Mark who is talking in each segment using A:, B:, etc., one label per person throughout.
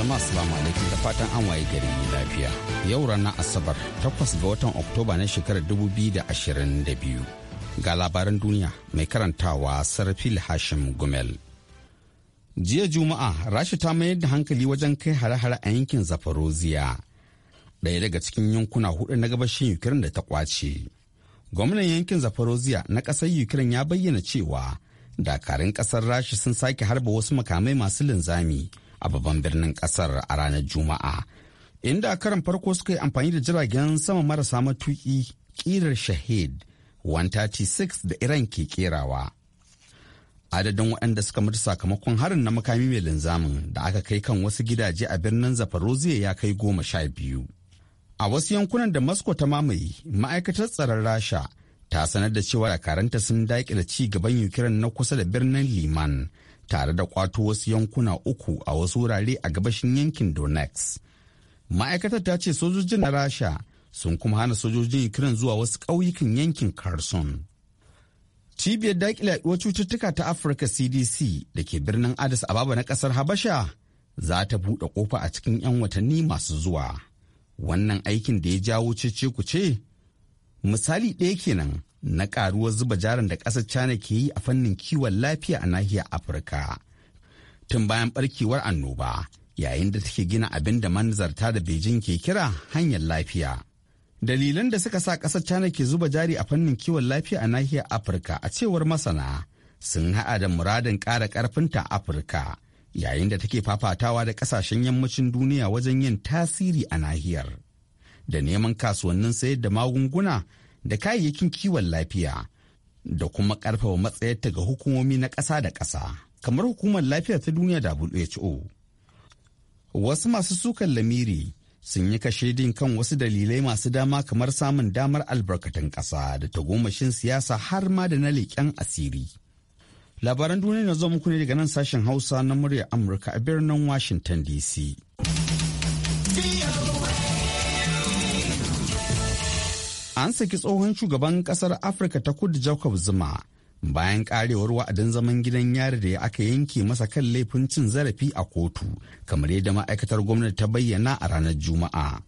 A: jama'a salamu alaikum da
B: fatan an waye gari lafiya yau ranar asabar 8 ga watan oktoba na shekarar 2022 ga labaran duniya mai karantawa sarfil hashim gumel jiya juma'a rasha ta mayar da hankali wajen kai hare-hare a yankin zafaroziya ɗaya daga cikin yankuna hudu na gabashin ukraine da ta kwace gwamnan yankin zafaroziya na ƙasar ukraine ya bayyana cewa dakarun ƙasar rasha sun sake harba wasu makamai masu linzami a babban birnin kasar a ranar juma'a inda a karan farko suka yi amfani da jiragen sama marasa matuki kirar shahid 136 da iran ke kerawa adadin waɗanda suka mutu sakamakon harin na makami mai linzamin da aka kai kan wasu gidaje a birnin zafarozia ya kai goma sha biyu a wasu yankunan da moscow ta mamaye ma'aikatar tsaron rasha ta sanar da cewa dakaranta sun daƙile ci gaban ukraine na kusa da birnin liman tare da kwato wasu yankuna uku a wasu wurare a gabashin yankin Donetsk. Ma'aikatar ta ce sojojin na Rasha sun kuma hana sojojin Ukraine zuwa wasu ƙauyukan yankin Kherson. Cibiyar daƙile yaɗuwar cututtuka ta Afirka CDC da ke birnin Addis Ababa na ƙasar Habasha za ta buɗe ƙofa a cikin 'yan watanni masu zuwa. Wannan aikin da ya jawo cece ce? misali ɗaya kenan na karuwar zuba jarin da ƙasar China ke yi a fannin kiwon lafiya a nahiyar Afirka. Tun bayan barkewar annoba, yayin da take gina abin da manzarta da Beijing ke kira hanyar lafiya. Dalilan da suka sa ƙasar China ke zuba jari a fannin kiwon lafiya a nahiyar Afirka a cewar masana sun haɗa da muradin ƙara ƙarfinta Afirka yayin da take fafatawa da ƙasashen yammacin duniya wajen yin tasiri a nahiyar. Da neman kasuwannin sayar da magunguna da kayayyakin kiwon lafiya da kuma ƙarfafa matsayarta ga hukumomi na ƙasa da ƙasa kamar hukumar lafiya ta duniya da WHO. Wasu masu sukan lamiri sun yi kashe din kan wasu dalilai masu dama kamar samun damar albarkatun ƙasa da tagomashin siyasa har ma da na leƙen asiri. Labaran duniya na zo muku ne daga nan sashen Hausa na murya Amurka a birnin Washington DC. an saki tsohon shugaban kasar afirka ta kudu jacob zuma bayan karewar wa'adin zaman gidan yari da aka yanke masa kan laifin cin zarafi a kotu kamar yadda ma'aikatar gwamnati ta bayyana a ranar juma'a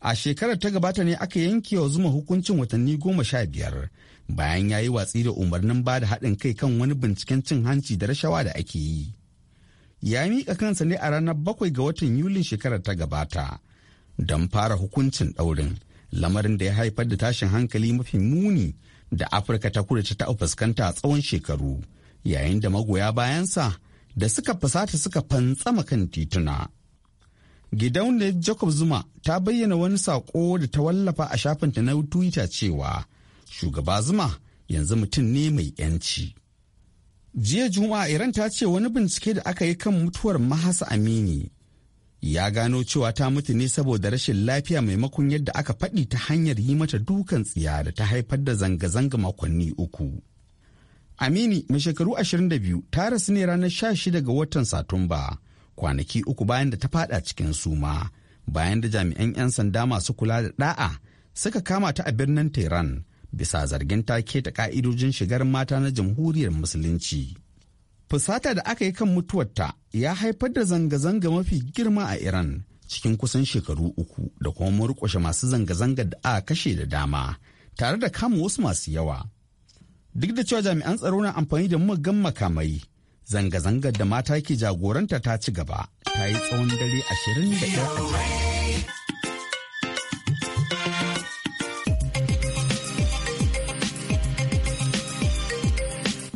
B: a shekarar ta gabata ne aka yanke wa zuma hukuncin watanni goma sha biyar bayan ya yi watsi da umarnin bada haɗin kai kan wani binciken cin hanci da rashawa da ake yi ya miƙa kansa ne a ranar bakwai ga watan yulin shekarar ta gabata don fara hukuncin ɗaurin lamarin da ya haifar da tashin hankali mafi muni da afirka ta kudu ta taɓa fuskanta a tsawon shekaru yayin da magoya bayansa da suka fusata suka fantsama kan tituna gidauniyar jacob zuma ta bayyana wani saƙo da ta wallafa a shafinta na twitter cewa shugaba zuma yanzu mutum ne mai yanci jiya juma'a iran ta ce wani bincike da aka yi kan mutuwar mahasa amini ya gano cewa ta mutu ne saboda rashin lafiya maimakon yadda aka faɗi ta hanyar yi mata dukan tsiya da ta haifar da zanga-zanga makonni uku. Amini mai shekaru 22 ta rasu ne ranar 16 ga watan Satumba kwanaki uku bayan da ta fada cikin suma bayan da jami'an 'yan sanda masu kula da da'a suka kama ta a birnin Tehran bisa zargin ta keta ka'idojin shigar mata na jamhuriyar musulunci. Fusata da aka yi kan mutuwarta ya haifar da zanga-zanga mafi girma a Iran cikin kusan shekaru uku da kuma murƙushe masu zanga-zanga da aka kashe da dama tare da kama wasu masu yawa. Duk da cewa jami'an tsaro na amfani da magan makamai, zanga-zangar da mata ke jagoranta ta ci gaba ta yi tsawon dare ashirin da ɗaya
C: a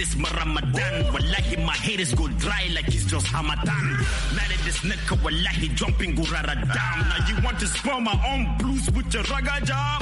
D: is my Ramadan. Wallahi, my haters go dry like it's just Hamadan. Mad at this nigga, wallahi, jumping gurara down. Now you want to spoil my own blues with your ragga job?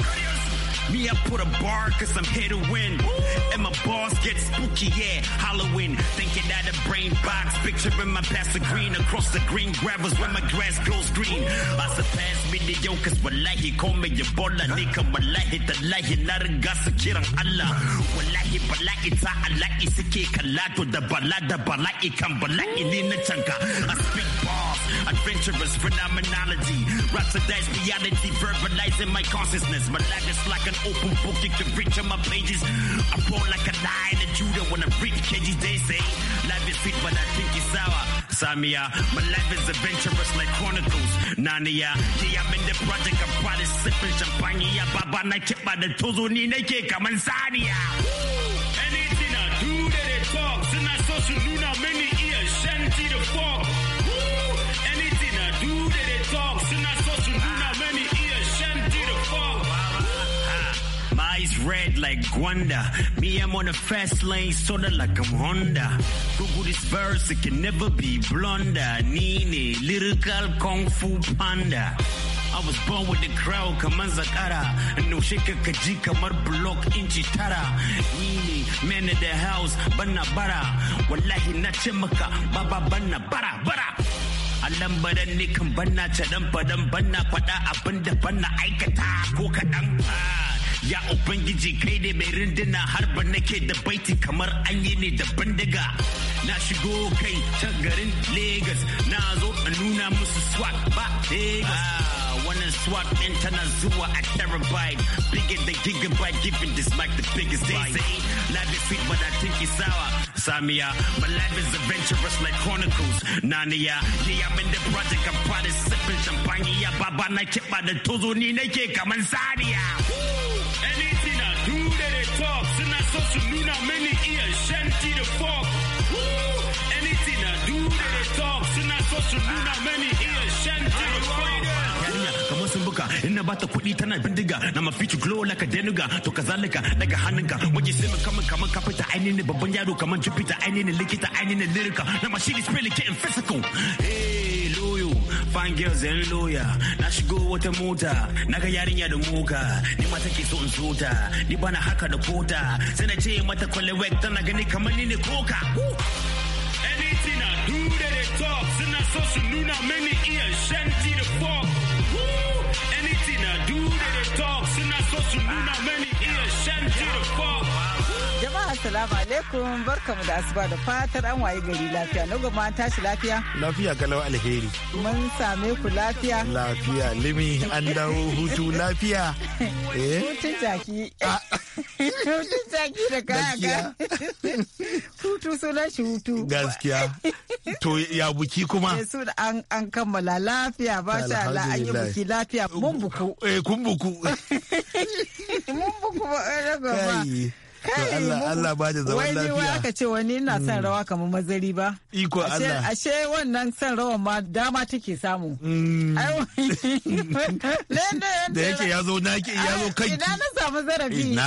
D: Me, I put a bar cause I'm here to win. Ooh. And my balls get spooky, yeah, Halloween. Thinking that a brain box, picturing my past the green across the green gravels where my grass grows green. Ooh. I surpass mediocres, wallahi, call me your bola, nigga, wallahi, tallahi, narin gasa kiran Allah. Wallahi, bala'i ta'ala'i, suke kalato da bala da bala'i kan bala'i I speak ball. Adventurous phenomenology, rhapsodized reality, verbalizing my consciousness. My life is like an open book, you can reach on my pages. I roll like a lion and Judah when I break cages. They say life is sweet, but I think it's sour. Samia, my life is adventurous like Chronicles, Nania, Yeah, I'm in the project, I'm sipping champagne. Yeah, Baba, I keep by the toes, Nina, Kamanzania. like Gwanda. Me, I'm on the fast lane, sorta like I'm Honda. Google this verse, it can never be blunder. Nini, little kung fu panda. I was born with the crowd kamar zakara naushe ka kaji kamar block inci tara ni ne man of the house bana bara wallahi na ce maka baba bana bara bara Allah ne kan banna cadan fadan banna fada abinda banna aikata ko kaɗan. ya ubangiji kai ne mai rinduna harba nake da baiti kamar an yi ne da bindiga na shigo kai ta garin Legas na zo a nuna musu swag ba Legas. Ah, wannan swag ɗin tana zuwa a terabyte Bigger the gigabyte giving this mic the biggest They say life is sweet but I think it's sour Samia, my life is adventurous like Chronicles Nania, yeah I'm in the project I'm proud of sipping champagne Baba na kiɓa da tozo ni nake kaman saniya Anything I do that they talk, since I so to nuna many ears, shanty the fuck. Anything I do that they talk, since I so to nuna many ears, shanty the fuck. kamar sun buka in na bata kuɗi tana bindiga na ma fitu glow like a denuga to kazalika daga hannunka waje sai mun kaman kaman kafita ainihin babban yaro kaman jupiter ainihin likita ainihin lirika na ma shi ne spelling getting physical hey fine girls and lawyer na shigo wata mota na ga yarinya da muka ni ma take so in sota ni bana haka da kota sai na ce mata kwalewek tana gani kamar ni ne koka anything i do that they talk suna so su nuna mini iya shanti da fork anything i do that they talk suna so su nuna mini iya shanti da fork Jama'a
E: salamu alaikum barkamu da asuba da fatar an waye gari lafiya. Na goma tashi lafiya?
C: Lafiya galau alheri. Mun same ku lafiya? Lafiya limi an dawo hutu lafiya. Eh? Hutun
E: jaki. Ah. Hutun jaki da kaya Hutu sunan shi hutu.
C: Gaskiya. To ya buki kuma? Eh,
E: Su an an kammala lafiya ba sha Allah an yi buki lafiya mun buku. Eh kun buku. Mun buku ba. Allah ba da zaman lafiya. Wai ni aka ce wani ina son mm. rawa kamar mazari ba. Iko Allah. Ashe wannan son rawa ma dama take samu. Mm. Da yake ya zo na ke ya zo kai. Ina na samu zarafi. Ina.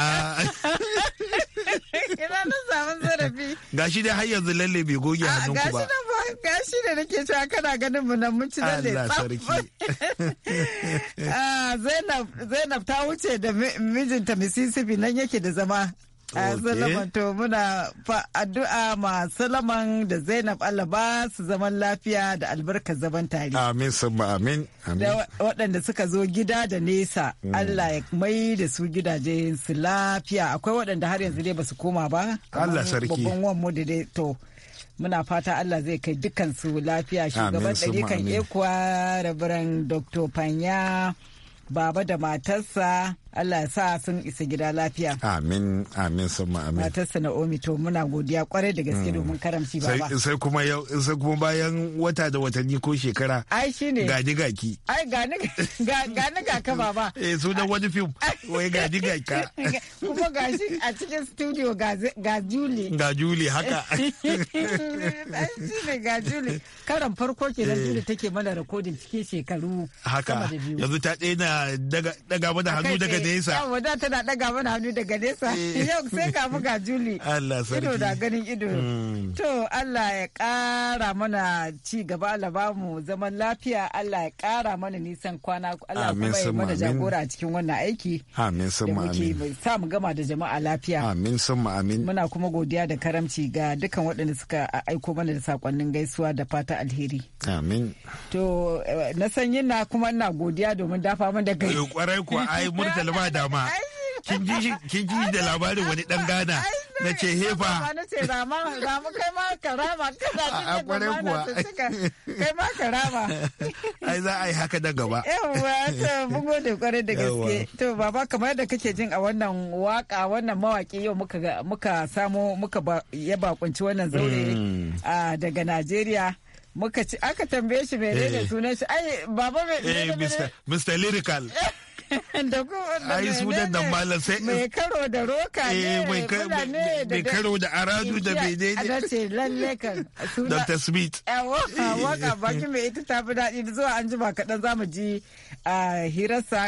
E: Ina na samu zarafi.
C: Gashi dai har yanzu lalle bai goge ah, hannun ku ba.
E: Gashi da nake cewa kana ganin mu nan mun ci lalle. Allah sarki. Ah, Zainab Zainab ta wuce da mijinta Mississippi nan yake da zama. Salaman to muna addu'a ma Salaman da Zainab Allah ba su zaman lafiya da albarka zaman tare. Amin
C: sabba amin. Da
E: waɗanda suka zo gida da nesa mm. Allah ya mai da su gidaje su lafiya akwai waɗanda har yanzu dai ba su koma ba.
C: Allah sarki. Babban
E: wanmu da dai to. muna fata Allah zai kai dukansu lafiya shugaban ɗarikan ekuwa rabaran dr panya baba da matarsa Allah ya sa sun isa gida lafiya.
C: Amin, amin, ma amin.
E: Matarsa Na'omi to muna godiya kwarai da gaske mm. domin karamci baba.
C: Sai kuma yau, sai kuma bayan wata da watanni ko shekara. Ai shi ne. Gani gaki. Ai gani gani ba. baba. Eh sunan wani fim. Wai gani gaka.
E: Kuma gashi a cikin studio ga Juli. Ga Juli haka. Ai shi ne ga Juli. Karan farko ke da eh. Juli take mana rikodin cikin shekaru. Haka. Yanzu
C: ta daina daga mana hannu daga nesa yawa
E: da tana daga mana hannu daga nesa eh. yau sai ka buga juli Allah sarki ido da ganin ido hmm. to Allah ya kara mana ci gaba Allah ba mu zaman lafiya Allah ya kara mana nisan kwana Allah kuma ya mana jagora a cikin wannan aiki
C: amin summa amin muke
E: samu gama da jama'a lafiya
C: amin summa amin muna
E: kuma godiya da karamci ga dukkan waɗanda suka aiko mana da sakonnin gaisuwa da fata alheri amin to eh, na yin na kuma ina godiya domin dafa mana da kai eh,
C: kwarai kuwa ai murtala ba dama kin ji da labarin wani dan gana na ce hefa
E: kai ma karama kana kuwa
C: kai
E: ma karama
C: ai za a yi haka da gaba
E: yawa to mun gode kware da gaske to baba kamar da kake jin a wannan waka wannan mawaki yau muka muka samu muka ya bakunci wannan zaure mm. daga Najeriya muka ci aka tambaye shi menene eh. sunan shi ai baba da eh,
C: Mr. Lyrical
E: da kuma ai su da malam sai mai karo da roka ne eh, mai karo da aradu da bai ne ne ce lalle kan Dr. Smith eh, waka waka baki mai ita ta fi daɗi zuwa an jima kaɗan zamu ji hirarsa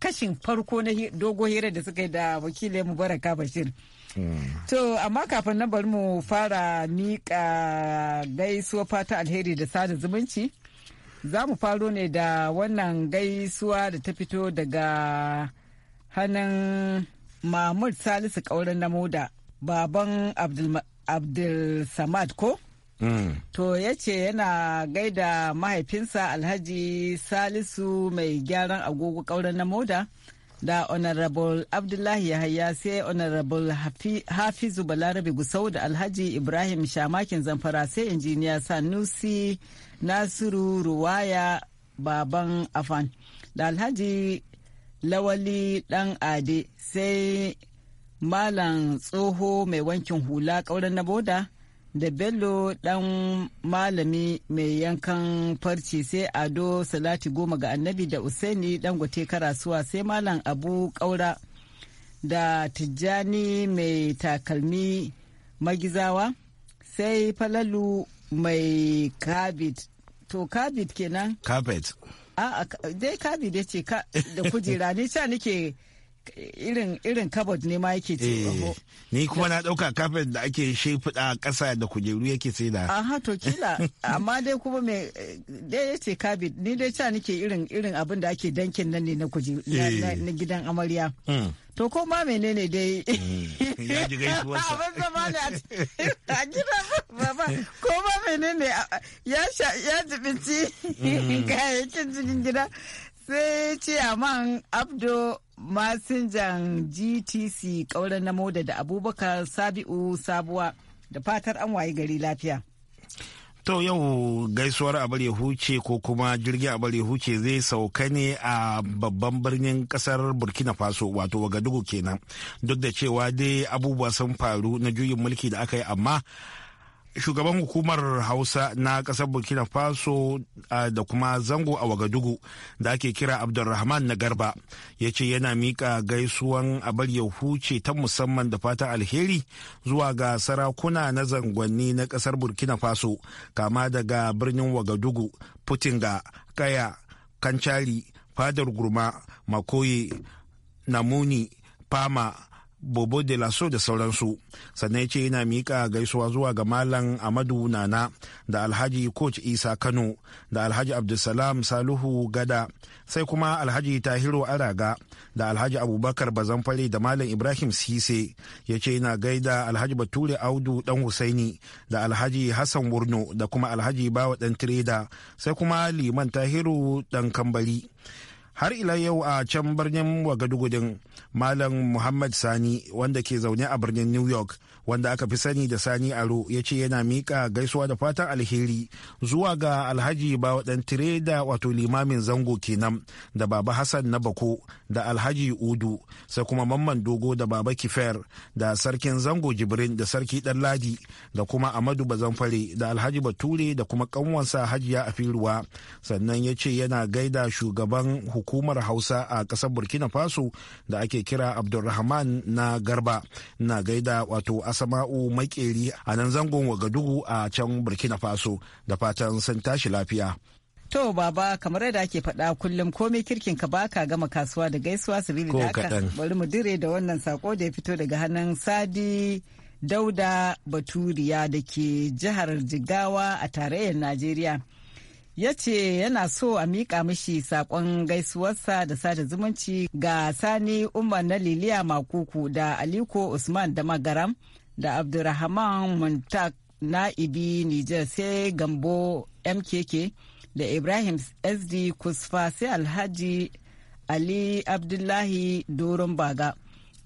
E: kashin farko na dogo hira da suka yi da wakilin mubaraka bashir hmm. To amma kafin na bari mu fara miƙa gaisuwa fata alheri da sada zumunci za mu faro ne da wannan gaisuwa da ta fito daga hannun mahmud salisu kaurin na moda baban abdul ko mm. to ya ce yana gaida mahaifinsa alhaji salisu mai gyaran agogo ƙaurin na moda da honorable abdullahi yahaya sai honorable hafizu balarabe gusau da alhaji ibrahim shamakin zamfara sai injiniya sanusi nasiru ruwaya baban afan da alhaji lawali dan ade sai malam tsoho mai wankin hula kauran na boda da bello dan malami mai yankan farci sai ado salati goma ga annabi da usaini dangote karasuwa sai malam abu kaura da tijjani mai takalmi magizawa sai falalu mai kabit to kabit kenan kabit a dai kabit ya ce da kujera ni sha nake
C: irin irin kabod ne ma yake ce eh, ni kuma na dauka carpet da ake shefuda a ƙasa da kujeru yake sai da
E: aha to kila amma dai kuma me dai yace kabit ni dai ta nake irin irin abin da ake dankin nan ne na kujeru na eh. gidan amarya hmm. to ko ma menene dai
D: hmm. ya ji gaisuwarsa a da ma ne
E: a gidan baba ko ma menene ya ya jibinci hmm. kayayyakin cikin gida sai ce a man abdo masinjan gtc kauran na moda da abubakar sabi'u sabuwa da fatar an waye gari lafiya
C: To yau gaisuwar abar bare huce ko kuma jirgin abar bare huce zai sauka ne a babban birnin kasar Burkina Faso wato Wagadugu kenan. Duk da cewa dai abubuwa sun faru na juyin mulki da aka yi amma shugaban hukumar hausa na kasar burkina faso da kuma zango a wagadugu da ake kira abdulrahman na garba ya ce yana miƙa gaisuwan abar ya huce ta musamman da fata alheri zuwa ga sarakuna na zangonni na kasar burkina faso kama daga birnin wagadugu putinga kaya kancari fadar gurma makoye namuni fama bobo de la so da sauransu sannan ya ce yana miƙa gaisuwa zuwa ga malam amadu nana da alhaji coach isa kano da alhaji abdulsalam saluhu gada sai kuma alhaji tahiru araga da alhaji abubakar bazanfare da malam ibrahim sise ya ce yana gaida alhaji bature audu dan husaini da alhaji hassan wurno da kuma alhaji bawa dan tireda sai kuma liman tahiru dan kambari har ila yau a can birnin wagadugudin malam muhammad sani wanda ke zaune a birnin new york wanda aka fi sani da sani aro ya ce yana miƙa gaisuwa da fatan alheri zuwa ga alhaji bawaɗan tire da wato limamin zango kenan da baba hassan na bako da alhaji udu sai kuma mamman dogo da baba kifer da sarkin zango jibrin da sarki dan ladi da kuma amadu bazanfare da alhaji bature da kuma kanwansa hajiya afiruwa sannan ya ce yana gaida shugaban hukumar hausa a ƙasar burkina faso da ake kira abdulrahman na garba na gaida wato Asama'u Makeri a nan zangon Wagadugu a can Burkina Faso da fatan sun tashi lafiya. To baba kamar yadda ake faɗa kullum komai kirkin ka baka gama kasuwa
E: da gaisuwa su da haka bari mu dire da wannan sako da ya fito daga hannun Sadi Dauda Baturiya da ke jihar Jigawa a tarayyar Najeriya. ya ce yana so a miƙa mishi saƙon gaisuwarsa da sada zumunci ga sani umar na liliya makuku da aliko usman da magaram da abdulrahman muntak na'ibi niger sai gambo mkk da ibrahim sd kusfa sai alhaji ali abdullahi doron baga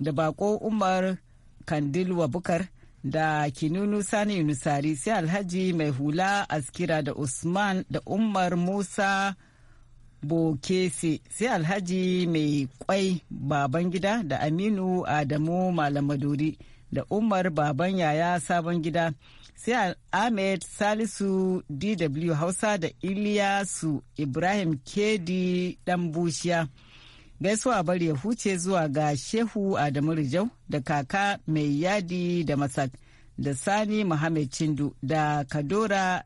E: da bako umar kandilwa bukar da kinunu sani yunusari sai alhaji mai hula askira da usman da umar musa bokesi sai alhaji mai kwai Babangida da aminu adamu malamadori da Umar Baban Yaya Sabon Gida, sai Ahmed Salisu DW Hausa da Iliyasu Ibrahim Kedi Dan Bushiya. Gaisuwa bari ya huce zuwa ga Shehu Adamu Rijau da kaka mai yadi da Masak da Sani Muhammad Chindu da Kadora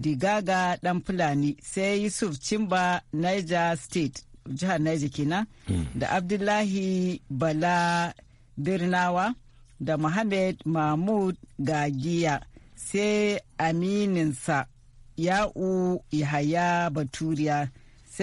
E: Digaga Dan Fulani sai Yusuf Chimba Niger State jihar Niger kenan hmm. da Abdullahi Bala Birnawa. da Muhammad Mahmud Gagiya sai amininsa Ya'u Yahaya Baturiya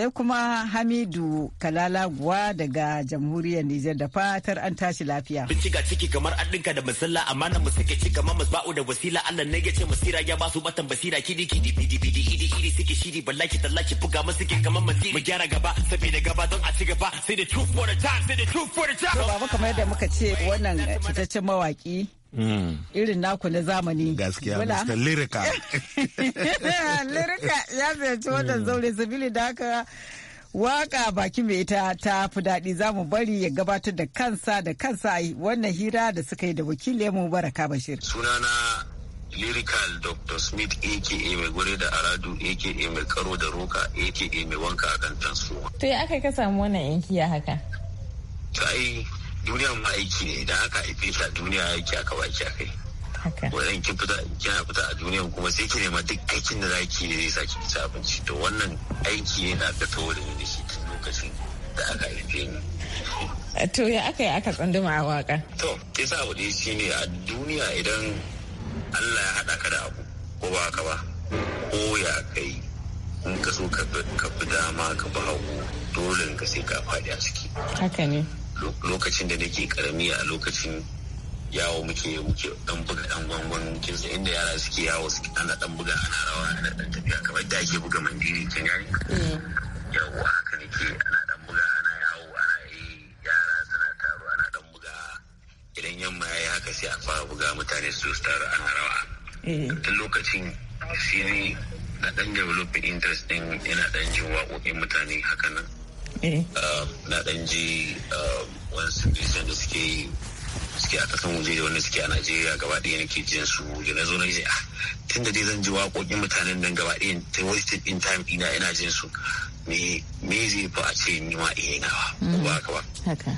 E: sai kuma hamidu kalalaguwa daga jamhuriyar nijar da fatar an tashi lafiya
D: bincika ciki kamar an dinka da masalla amma na musike ci kamar ba'u da wasila allah ne yace masira ya ba su batan basira kidi kidi bidi bidi idi idi suke shiri ballaki tallaki buga masu ke kamar masiri mu gyara gaba saboda gaba don a ci gaba sai da two for the time sai
E: da two for the time baba kamar yadda muka ce wannan cikakken mawaki irin naku na zamani gaskiya mr lirika lirika ya ziyarci wannan mm. zaure sabili da haka waka baki mai ita ta fi daɗi za mu bari ya gabatar da kansa da kansa a wannan hira da suka yi da wakilin mu baraka bashir
F: sunana lyrical dr smith aka mai gure da aradu aka mai karo da roka aka mai wanka a kan transformer
E: to ya aka ka samu wannan yankiya
A: haka
F: yi duniya ma aiki ne da haka haife ta a duniya aiki aka baki a kai wannan ki fita kina fita a duniya kuma sai ki nema duk aikin da zaki ne zai saki ki abinci to wannan aiki ne da fita tawo da ni shi tun lokacin da aka haife
E: ni to ya aka yi aka tsunduma a waka
F: to sa abu dai ne a duniya idan Allah ya haɗa ka da abu ko ba ka ba ko ya kai in ka so ka fi dama ka ba hagu dole ka sai ka faɗi a ciki haka ne lokacin da nake karami a lokacin yawo muke muke dan buga dan gwangwan kin sai inda yara suke yawo suke ana dan buga ana rawa ana dan tafiya kamar da ake buga mandiri kin gani mm. yawa haka nake ana dan buga ana yawo ana yi yara suna taro ana dan buga idan yamma yayi haka sai a fara buga mutane su taro ana rawa a eh. lokacin sai na dan develop interest din yana dan jin waƙoƙin mutane haka nan Eh. Um, na dan je um, wasu bisan da suke suke a kasan waje da wanda suke a Najeriya gaba ɗaya nake jin su da na zo na ji ah, tun da dai zan ji waƙoƙin mutanen nan gaba ɗaya ta wasted in time ina ina jin su me me zai fa a ce ni ma iya eh yana ba mm. ba haka
A: ba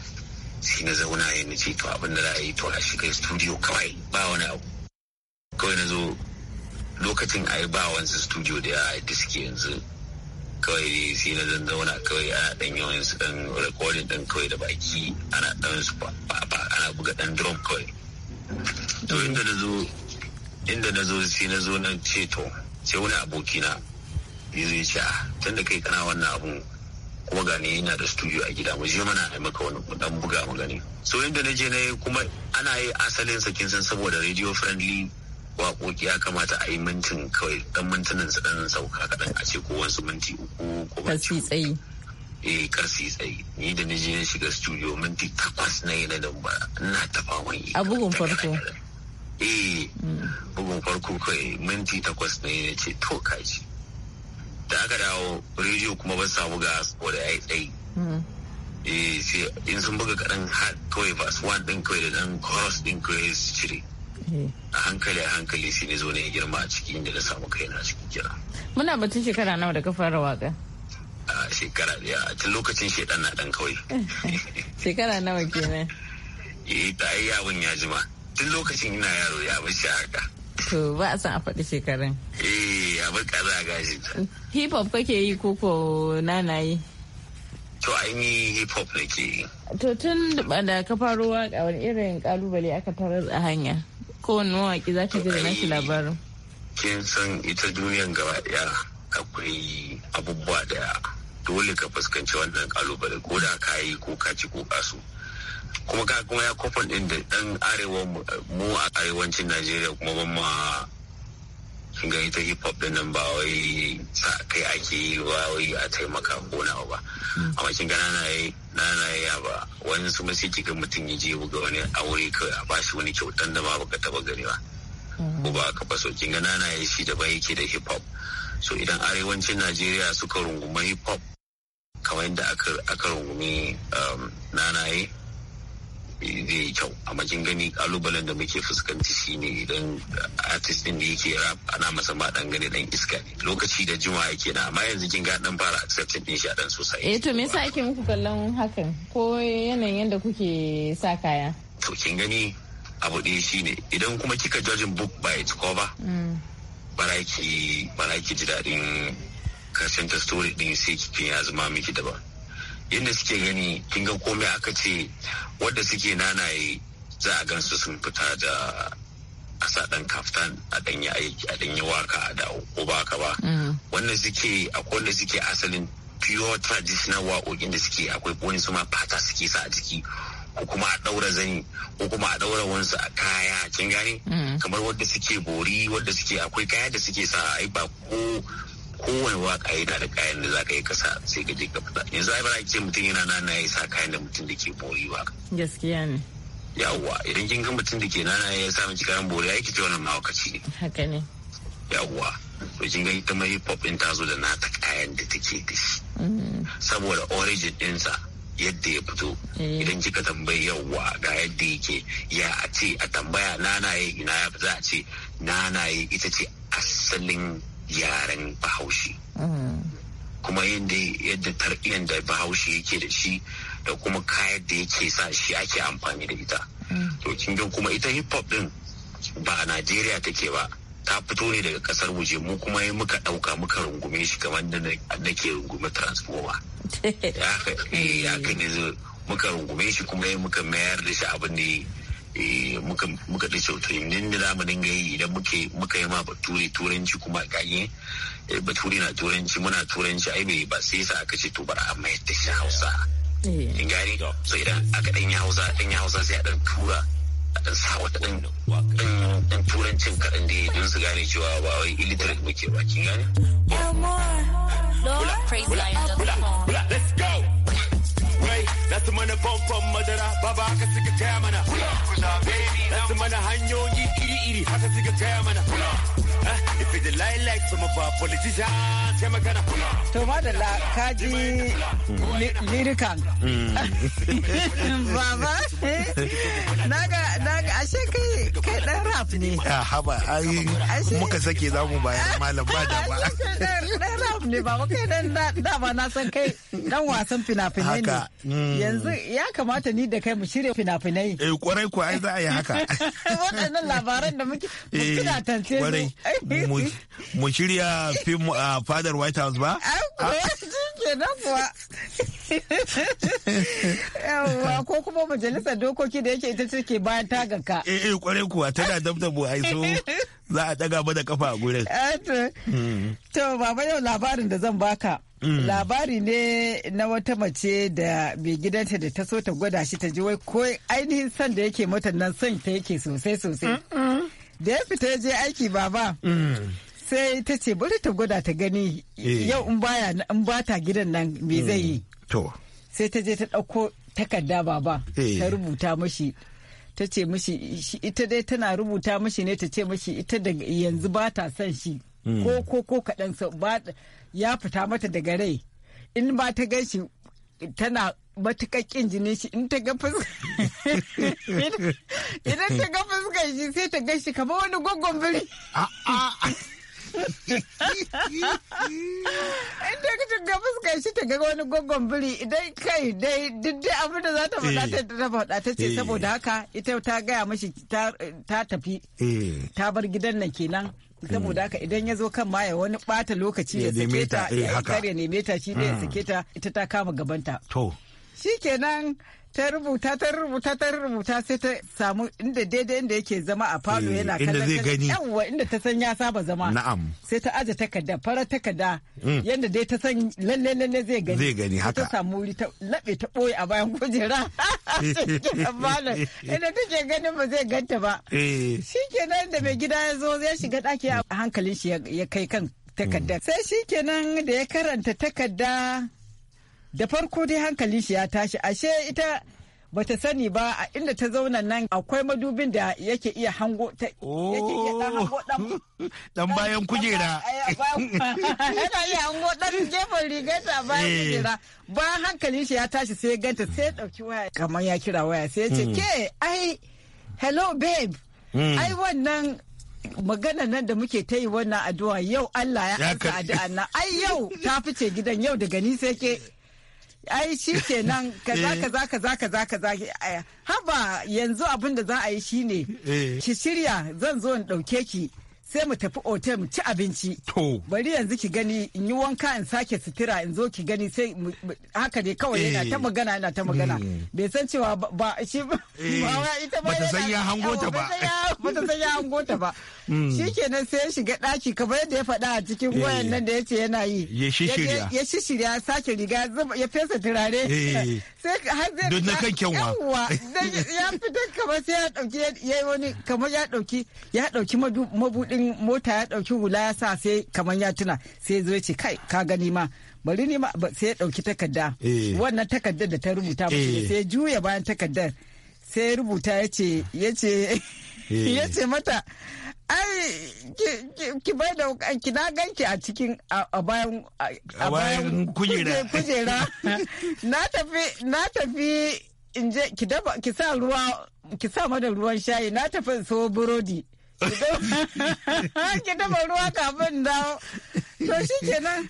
F: sai na zauna ya ce to abin da za yi to a shiga studio kawai ba wani abu kawai na zo lokacin a yi ba wani studio da ya da suke yanzu kawai sai na zan zauna kawai ana dan yawan su dan recording dan kawai da baki ana dan su ana buga dan drum kawai to inda na zo inda na zo sai na zo na ce to sai wani abokina ya zo ce a ah, tun da kai kana wannan abun kuma gane yana da studio a gida mu je mana a maka wani dan buga mu gani so inda na je na yi kuma ana yi asalin sakin san saboda radio friendly waƙoƙi ya kamata a yi mintin kawai dan mintunan su dan sauka kaɗan a ce ko wasu minti uku
E: ko ba ci tsayi
F: eh karsi tsayi ni da nije na shiga studio minti takwas na yi na dan ba ina ta faman yi
E: a bugun farko
F: eh bugun farko kai minti takwas na yi na ce to kaji da aka dawo rediyo kuma ba samu ga saboda ya yi tsayi hmm. eh sai in sun buga kaɗan kawai verse one ɗin kawai da ɗan chorus ɗin kawai su cire a hankali a hankali sai zo ne girma a ciki inda na samu kaina a cikin kira
A: muna
E: batun shekara nawa da ka fara waka
F: a shekara ya a tun lokacin shedan na dan kawai
E: shekara nawa kenan
F: eh ta ai abun ya jima tun lokacin ina yaro ya bar shi haka
E: to ba a san a faɗi shekarun
F: eh a bar kaza gashi
E: hip hop kake yi koko nana yi
F: to an yi hip hop nake ke
E: to tun da ka faro waka wani irin kalubale aka tarar a hanya kowane mawaki za ta ji da nashi labarin
F: kin san ita duniyan gaba ɗaya akwai abubuwa da dole ka fuskanci wannan kalubale ko da ka yi ko ka ci ko kasu kuma ka kuma ya kofan ɗin da ɗan arewa mu a arewacin najeriya kuma ban ma kin ga ita hip hop dinnan nan ba wai sa kai ake yi ba wai a taimaka ko na ba amma kin ga na yi na na yi ba wani su sai kika mutum ya je buga wani aure kawai a bashi wani kyautan da ba baka taba gani ba ko ba ka faso kin ga na yi shi da ba yake da hip hop so idan arewacin Najeriya suka runguma hip hop kamar yadda aka rungumi um, nanaye Eh, zai yi kyau amma kin gani kalubalen da muke fuskanci shine idan artist din da yake rap ana masa ma dan gani dan iska ne lokaci da juma yake na amma yanzu kin ga dan fara accepting din shi a dan sosai eh to me
E: yasa ake muku kallon hakan ko yanayin yanda kuke sa kaya
F: to kin gani abu ɗaya shine idan kuma kika judging book by its cover mm. baraki baraki ji daɗin karshen story din sai kike ya zama miki daban yadda suke gani kin ga komai aka ce wadda suke nanaye za a gansu sun fita da asa dan kaftan a dan yi aiki a dan yi waka da ko ba ka ba mm. wanda suke akwai wanda suke asalin pure traditional waƙoƙin da suke akwai wani su ma fata suke sa a jiki ko kuma a ɗaura zani ko kuma a ɗaura wansu a kaya kin gane mm. kamar wadda suke bori wadda suke akwai kaya da suke sa ai ba ko kowane waka yana da kayan da zaka yi kasa sai ka je ka fita yanzu ai ba za ki ce mutum yana nana ya sa kayan da mutum da ke bori ba
A: gaskiya ne
F: yawwa idan kin ga mutum da ke nana ya sa miki kayan bori ai ki ce wannan ci ne haka ne yawwa to kin ga ita mai hip hop din ta zo da nata kayan da take da shi mm. saboda origin ɗinsa yadda ya fito eh. idan kika tambayi yawwa ga yadda yake ya a ce a tambaya nanaye ina ya za a ce nanaye ita ce asalin yaren bahaushe kuma yadda tarbiyyar da bahaushe yake da shi da kuma kayan da yake sa shi ake amfani da ita to kin ga kuma ita hip hop din ba a najeriya take ba ta fito ne daga kasar waje mu kuma yi muka dauka muka rungume shi kamar da nake rungume transformer ya eh, ne muka rungume shi kuma yi muka mayar da shi abin da Eh, muka da sautayin din da mu dinga yi idan muka yi ma bature turanci kuma ganye eh, bature na turanci muna turanci ai bai ba sai sa aka ce to bara a yadda da shi hausa eh. in gani so idan aka dan ya hausa dan ya hausa sai a dan tura a dan sa wata dan dan turancin kaɗan da don su gane cewa ba wai illiterate muke ba kin gane.
D: Bula, bula, bula, bula, mana famfon madara baba ka suka taya mana su mana hanyoyi iri-iri haka suka taya mana if it lie like some of our politicians sai magana to
E: madalla kaji lirikan
C: hmm. baba
E: naga naga ashe kai dan
C: rap ne a haba ai muka sake za mu bayar malam ba da ba
E: dan rap ne ba kai dan dama na san kai ɗan wasan fina-finai ne mm. yanzu ya kamata ni da kai mu shirya fina-finai eh
C: kwarai ko ai za a yi haka
E: waɗannan labaran da muke muna eh, tantance
C: mu shirya fim fadar white house ba
E: ah. kenan kuwa yawwa ko kuma majalisar dokoki da yake ita ce ke bayan taganka
C: eh eh kwarai kuwa tana dab bu za a daga mana kafa gurin. Eh,
E: to baba yau labarin da zan baka. Mm. Labari ne na wata mace da mai gidanta da ta so ta gwada shi ta ji wai ko ainihin son da yake mata nan son ta yake sosai sosai. Da ya fita je aiki baba. Mm. Sai ta ce bari ta gwada ta gani eh. yau in baya in bata gidan nan me zai yi. Mm. To. Sai ta je ta ɗauko takarda baba ta eh. rubuta mashi. ta ce mashi ita dai tana rubuta mashi ne ta ce mashi ita da yanzu ba ta son shi mm. ko ko ko kaɗan ya fita mata daga rai in ba ta gan shi tana matuƙar ƙin jinin shi in ta ga fuska idan ta ga fuskar shi sai ta gan shi kamar wani gwaggon biri ah, ah. Inda ka ga fuska shi ta ga wani gogon biri idan kai dai duk dai abin da za ta faɗa eh. ta ta faɗa ta ce eh. saboda haka ita ta gaya mashi ta tafi eh. ta bar gidan nan kenan. saboda haka idan ya zo kan ma ya wani bata lokaci ya sake ta ya neme ta shi ne ya mm. sake ta ita ta kama gabanta. To. Shi kenan ta rubuta ta rubuta ta rubuta sai ta samu inda daidai inda yake zama a falo eh, yana kallon zai gani yawa inda ta san ya saba zama na'am sai ta aje takarda fara takarda mm. yanda dai ta san lalle lalle zai gani zai gani haka ta samu wuri ta labe ta boye a bayan kujera malam inda take ganin ba zai ganta ba eh. shikenan da mai gida ya zo zai shiga daki a hankalin shi ya kai kan takarda mm. sai shikenan da ya karanta takarda da farko dai hankalin shi ya tashi ashe ita bata sani ba a inda ta zauna nan akwai madubin da yake iya hango
C: ta
D: yake iya dan hango
C: dan oh,
E: bayan kujera yana iya hango dan gefen rigarta bayan eh. kujera ba hankalin shi ya tashi sai ganta sai dauki waya kamar ya kira waya sai ya ce hmm. ke ai hello babe hmm. ai wannan magana nan da muke ta yi wannan addu'a yau Allah ya ansa addu'a na ai yau ta fice gidan yau daga ni sai ke ai shi kenan eh. kaza kaza kaza kaza kaza haba yanzu abin da za a yi shine eh. ki shirya zan zo in dauke ki sai mu tafi otel mu ci abinci. To. Bari yanzu ki gani in yi wanka in sake sutura in zo ki gani sai haka ne kawai yana eh. ta magana yana ta magana. Hmm. Bai san cewa ba shi ba eh. ita ba. Bata san ya hango ta ba. Bata san ya hango ta ba. Hmm. Shi kenan sai ya shiga ɗaki kamar yadda ya faɗa a cikin eh. wayan nan da ya ce yana yi. Ya shishirya. Ya shishirya sake riga ya fesa turare. duk na kan kyanwa ya fita kamar sai ya dauki ya yi wani kamar ya dauki ya dauki mabudin mota ya dauki hula ya sa sai kamar ya tuna sai zo ce kai ka gani ma bari ni ma sai ya dauki takarda eh. wannan takardar da ta rubuta ba eh. sai juya bayan takardar sai rubuta ya ya ce ya ce eh. mata ai ki bai da ki na ganki a cikin a bayan a bayan kujera kujera na tafi na tafi in je ki daba ki sa ruwa ki sa mana ruwan shayi na tafi so burodi ki daba ruwa kafin dawo to shi kenan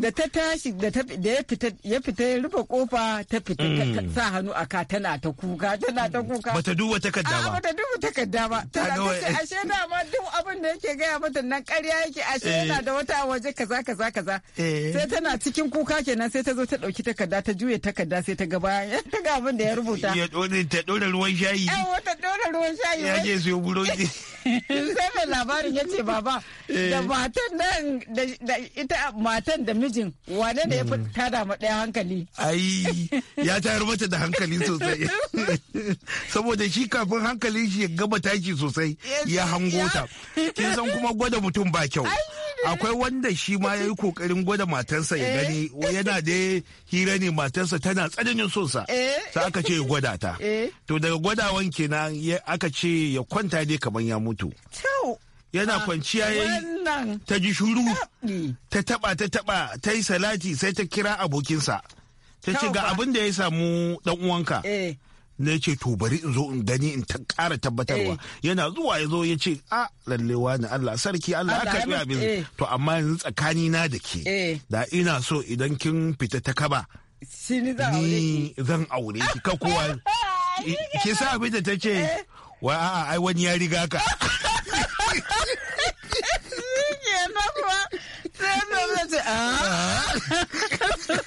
E: da ta tashi da ya fita ya fita ya rufe kofa ta fita mm. sa hannu a ka tana ta kuka tana ta kuka bata duba takarda ba bata duba takarda ba tana ta ashe da ma duk abin da yake gaya mata nan ƙarya yake ashe yana eh. da wata waje kaza kaza kaza eh. sai tana cikin kuka kenan sai ta zo ta dauki takarda ta juye takarda sai ta gaba ta ga abin da ya rubuta ya dole
A: ta dora ruwan shayi eh
E: wata dora ruwan shayi ya je su buroji
A: sai mai labarin yace baba da eh.
E: matan nan da ita matan da mijin wane da ya fi hmm. tada ma ɗaya hankali
C: ai ya tayar mata da hankali sosai saboda shi kafin hankali shi ya gaba taki sosai ya hango ta kin san kuma gwada mutum ba kyau akwai wanda shi ma ya yi kokarin gwada matarsa ya gani eh. yana da hira ne matarsa tana tsananin sonsa sa eh. aka ce ya gwada ta eh. to daga gwadawan kenan aka ce ya kwanta ne kamar ya mutu yana kwanciya ya yi ta ji shuru ta taba ta taba ta yi salati sai ta kira abokinsa ta ce ga abin da ya samu dan uwanka eh. na ce to bari in zo in gani in ta ƙara tabbatarwa eh. yana zuwa ya zo ya ce a lallewa ni Allah sarki Allah aka yi abin eh. to amma yanzu tsakani na da ke da ina so idan kin fita ta kaba ni zan aure ki ka kowa ki sa abin da ta ce wa a'a ai wani ya riga ka
E: Kenan ba sai da zai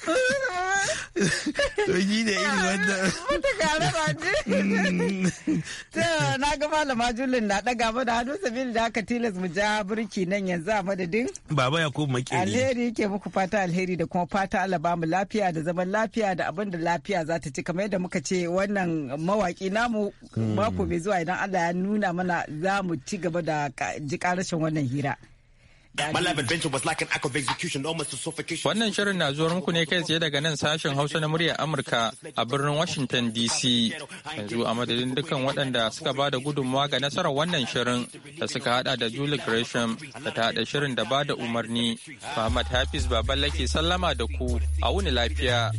E: to yi
C: wanda
E: mata ba ji mm. to na ga malama julin na daga mu da hannu sabili da aka tilas mu ja burki nan yanzu a madadin
C: baba yakubu makeri alheri
E: yake muku fata alheri da kuma fata Allah ba mu lafiya da zaman lafiya da abin da lafiya za ta ci kamar yadda muka ce wannan mawaki namu mm. mako mai zuwa idan Allah ya nuna mana za mu ci gaba da ji karashin wannan hira
A: Wannan shirin na zuwa muku ne kai tsaye daga nan sashen Hausa na muryar Amurka a birnin Washington DC. Yanzu a madadin dukkan waɗanda suka ba da gudunmawa ga nasarar wannan shirin da suka hada da Julie Gresham da ta hada shirin da ba da umarni. Muhammad Hafiz Baballa ke sallama da ku a wuni lafiya.